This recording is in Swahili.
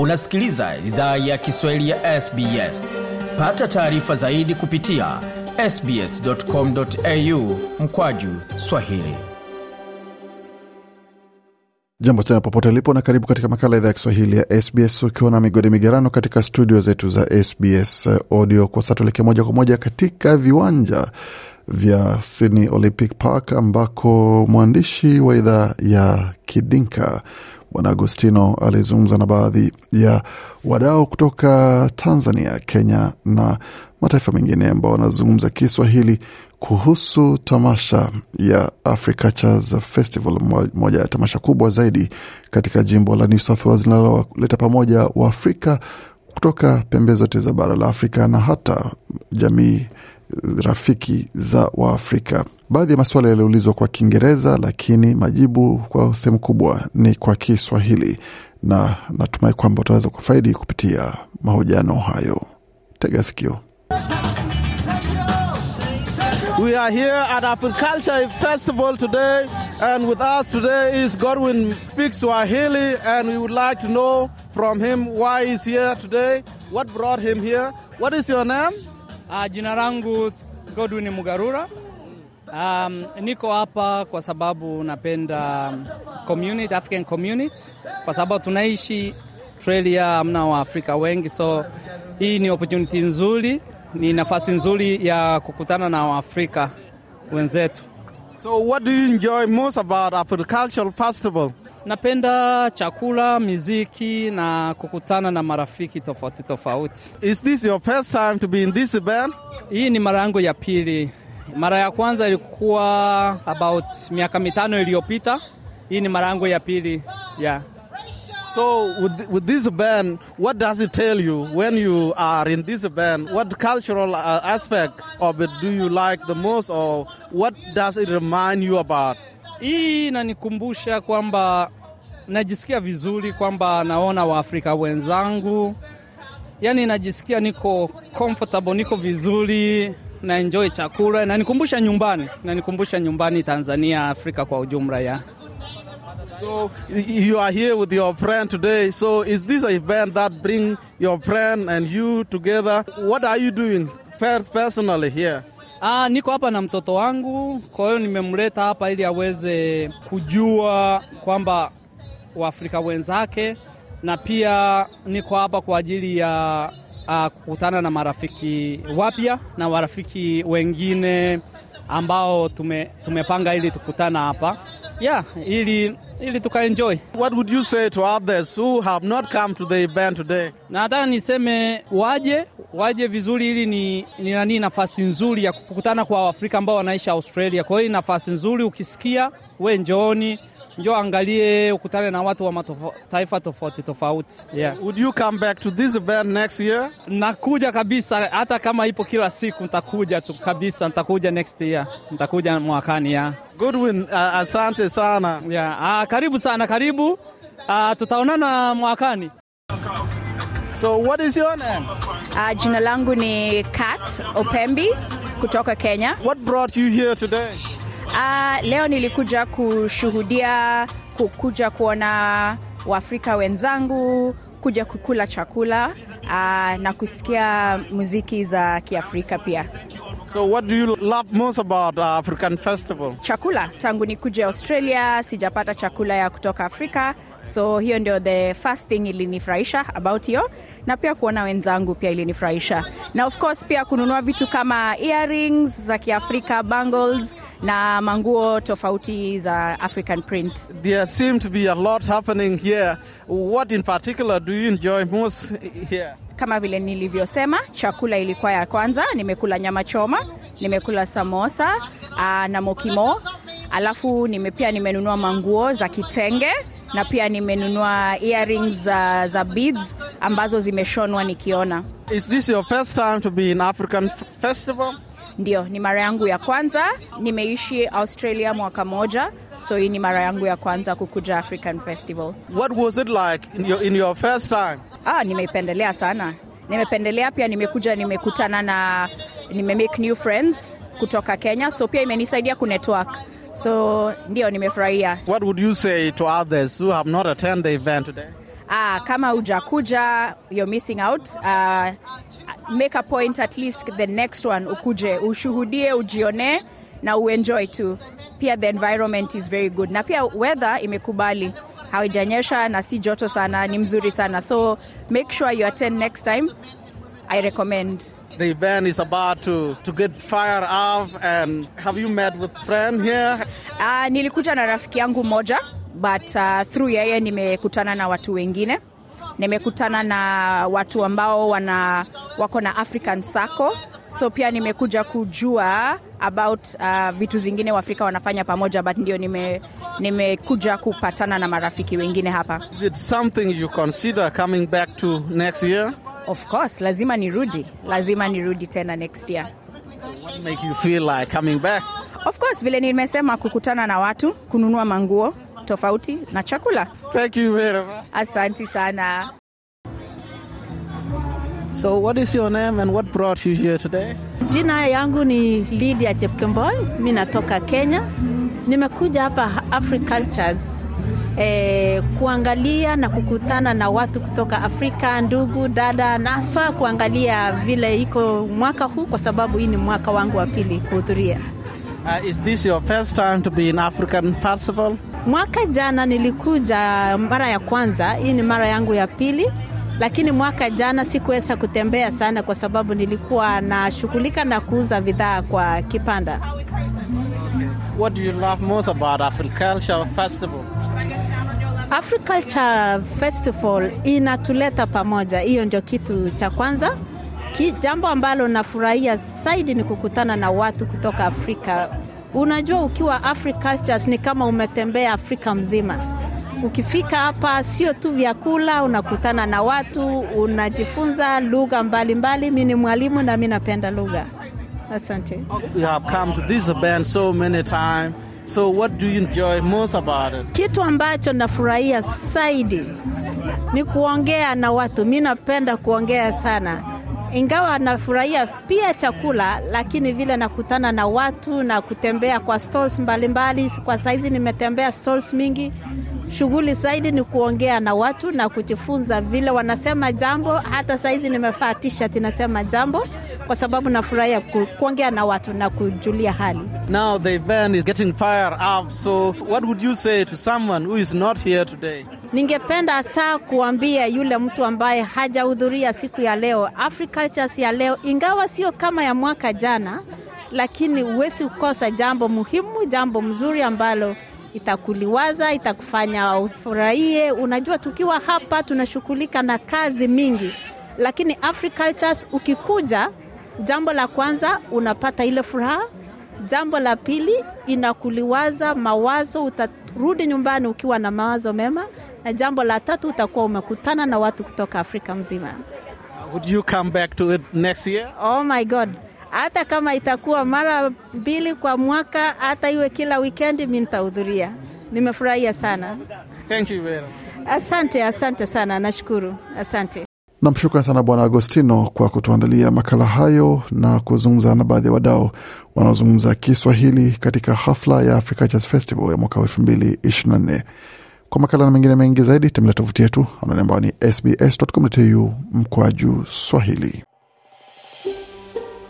unasikiliza idhaa ya kiswahili ya sbs pata taarifa zaidi kupitia sbscomau mkwaju swahili jambo tena popote lipo na karibu katika makala idhaa ya kiswahili ya sbs ukiwa na migodi migerano katika studio zetu za sbs audio kwa sa tuelekee moja kwa moja katika viwanja vya Sydney Olympic Park ambako mwandishi wa idhaa ya Kidinka Bwana Agostino alizungumza na baadhi ya wadau kutoka Tanzania, Kenya na mataifa mengine ambao wanazungumza Kiswahili kuhusu tamasha ya Africatures Festival, moja ya tamasha kubwa zaidi katika jimbo la New South Wales linaloleta pamoja Waafrika kutoka pembe zote za bara la Afrika na hata jamii rafiki za Waafrika. Baadhi ya masuala yaliyoulizwa kwa Kiingereza, lakini majibu kwa sehemu kubwa ni kwa Kiswahili, na natumai kwamba utaweza kufaidi kupitia mahojiano hayo. Tega sikio. We are here at Festival today, and with us today is Godwin Speaks Swahili, and we would like to know from him why he's here today, what brought him here. What is your name? Uh, jina langu Godwin Mugarura. Um, niko hapa kwa sababu napenda um, community, African community kwa sababu tunaishi Australia, amna Waafrika wengi, so hii ni opportunity nzuri, ni nafasi nzuri ya kukutana na Waafrika wenzetu. So what do you enjoy most about Africultural Festival? Napenda chakula, miziki na kukutana na marafiki tofauti tofauti. Is this your first time to be in this band? Hii ni mara yangu ya pili. Mara ya kwanza ilikuwa about miaka mitano iliyopita. Hii ni mara yangu ya pili. Yeah. So with, with this band, what does it tell you when you are in this band? What cultural uh, aspect of it do you like the most or what does it remind you about? Hii inanikumbusha kwamba najisikia vizuri kwamba naona Waafrika wenzangu, yani najisikia niko comfortable, niko vizuri na enjoy chakula, nanikumbusha nyumbani, nanikumbusha nyumbani Tanzania, Afrika kwa ujumla ya So you are here with your friend today. So is this an event that bring your friend and you together? What are you doing personally here? Ah, niko hapa na mtoto wangu, kwa hiyo nimemleta hapa ili aweze kujua kwamba Waafrika wenzake, na pia niko hapa kwa ajili ya ah, kukutana na marafiki wapya na warafiki wengine ambao tume, tumepanga ili tukutana hapa yeah, ili, ili tukaenjoy. What would you say to others who have not come to the event today? Nataka niseme waje waje vizuri, ili ni, ni nani, nafasi nzuri ya kukutana kwa Waafrika ambao wanaishi Australia. Kwa hiyo nafasi nzuri, ukisikia we njooni njoo angalie ukutane na watu wa mataifa tofauti tofauti. Yeah. Would you come back to this event next year? Nakuja kabisa, hata kama ipo kila siku nitakuja tu kabisa, nitakuja next year, nitakuja mwakani ya. Goodwin, uh, asante sana. Yeah. Uh, karibu sana, karibu. Uh, tutaonana mwakani. So what is your name? Uh, jina langu ni Kat Opembi kutoka Kenya. What brought you here today? Uh, leo nilikuja kushuhudia kuja kuona Waafrika wenzangu kuja kukula chakula uh, na kusikia muziki za Kiafrika pia. So what do you love most about uh, African Festival? Chakula. Tangu nikuje Australia sijapata chakula ya kutoka Afrika, so hiyo ndio the first thing ilinifurahisha about hiyo, na pia kuona wenzangu pia ilinifurahisha, na of course pia kununua vitu kama earrings za Kiafrika, bangles na manguo tofauti za African print. There seem to be a lot happening here. What in particular do you enjoy most here? kama vile nilivyosema, chakula ilikuwa ya kwanza. Nimekula nyama choma, nimekula samosa aa, na mokimo alafu nime, pia nimenunua manguo za kitenge na pia nimenunua earrings za, za beads ambazo zimeshonwa nikiona. Is this your first time to be in African festival? Ndio, ni mara yangu ya kwanza. Nimeishi Australia mwaka moja, so hii ni mara yangu ya kwanza kukuja African Festival. What was it like in your, in your first time? Ah, nimeipendelea sana, nimependelea pia. Nimekuja, nimekutana na nime make new friends kutoka Kenya, so pia imenisaidia ku network so ndio nimefurahia. What would you say to others who have not attended the event today? Ah, kama hujakuja you're missing out. Uh, make a point at least the next one ukuje ushuhudie, ujione na uenjoy tu. Pia the environment is very good na pia weather imekubali haijanyesha na si joto sana, ni mzuri sana, so make sure you attend next time. I recommend the event is about to, to get fire off and have you met with friend here? Uh, nilikuja na rafiki yangu moja but uh, through yeye nimekutana na watu wengine nimekutana na watu ambao wana wako na African Sacco so pia nimekuja kujua about uh, vitu zingine waafrika wanafanya pamoja but ndio nime nimekuja kupatana na marafiki wengine hapa Is it something you consider coming back to next year of course lazima nirudi lazima nirudi tena next year what make you feel like coming back of course vile nimesema kukutana na watu kununua manguo tofauti na chakula thank you very much sana So what is your name and what brought you here today? Jina yangu ni Lydia Chepkemboy. mimi natoka Kenya. Nimekuja hapa Cultures eh, kuangalia na kukutana na watu kutoka Afrika, ndugu dada, na swa kuangalia vile iko mwaka huu, kwa sababu hii ni mwaka wangu wa pili kuhudhuria. Uh, is this your first time to be in African Festival? Mwaka jana nilikuja mara ya kwanza, hii ni mara yangu ya pili lakini mwaka jana sikuweza kutembea sana kwa sababu nilikuwa nashughulika na kuuza bidhaa kwa kipanda. What do you love most about Africulture Festival? Africulture Festival inatuleta pamoja, hiyo ndio kitu cha kwanza. Ki, jambo ambalo nafurahia zaidi ni kukutana na watu kutoka Afrika. Unajua, ukiwa Africultures ni kama umetembea Afrika mzima Ukifika hapa sio tu vyakula, unakutana na watu, unajifunza lugha mbalimbali. Mi ni mwalimu na mi napenda lugha. Asante. have come to this so many So what do you enjoy most about it? Kitu ambacho nafurahia zaidi ni kuongea na watu. Mi napenda kuongea sana, ingawa nafurahia pia chakula, lakini vile nakutana na watu na kutembea kwa stalls mbalimbali mbali. Kwa saizi nimetembea stalls mingi shughuli zaidi ni kuongea na watu na kujifunza vile wanasema jambo. Hata sahizi nimevaa t-shirt inasema jambo, kwa sababu nafurahia ku, kuongea na watu na kujulia hali. Now the event is getting fired up, so what would you say to someone who is not here today? Ningependa saa kuambia yule mtu ambaye hajahudhuria siku ya leo Africultures ya leo, ingawa sio kama ya mwaka jana, lakini huwezi kukosa jambo muhimu, jambo mzuri ambalo itakuliwaza, itakufanya ufurahie. Unajua, tukiwa hapa tunashughulika na kazi mingi, lakini Africultures ukikuja, jambo la kwanza unapata ile furaha. Jambo la pili inakuliwaza mawazo, utarudi nyumbani ukiwa na mawazo mema, na jambo la tatu utakuwa umekutana na watu kutoka Afrika mzima. Would you come back to it next year? Oh my God hata kama itakuwa mara mbili kwa mwaka, hata iwe kila wikendi, mi nitahudhuria. Nimefurahia sana. Thank you very Asante, asante sana, nashukuru, asante. Namshukuru sana Bwana Agostino kwa kutuandalia makala hayo na kuzungumza na baadhi ya wadau wanaozungumza Kiswahili katika hafla ya Africa Jazz Festival ya mwaka wa elfu mbili ishirini na nne. Kwa makala na mengine mengi zaidi tembelea tovuti yetu anaoni ambao ni sbs.com.au mkoa juu Swahili.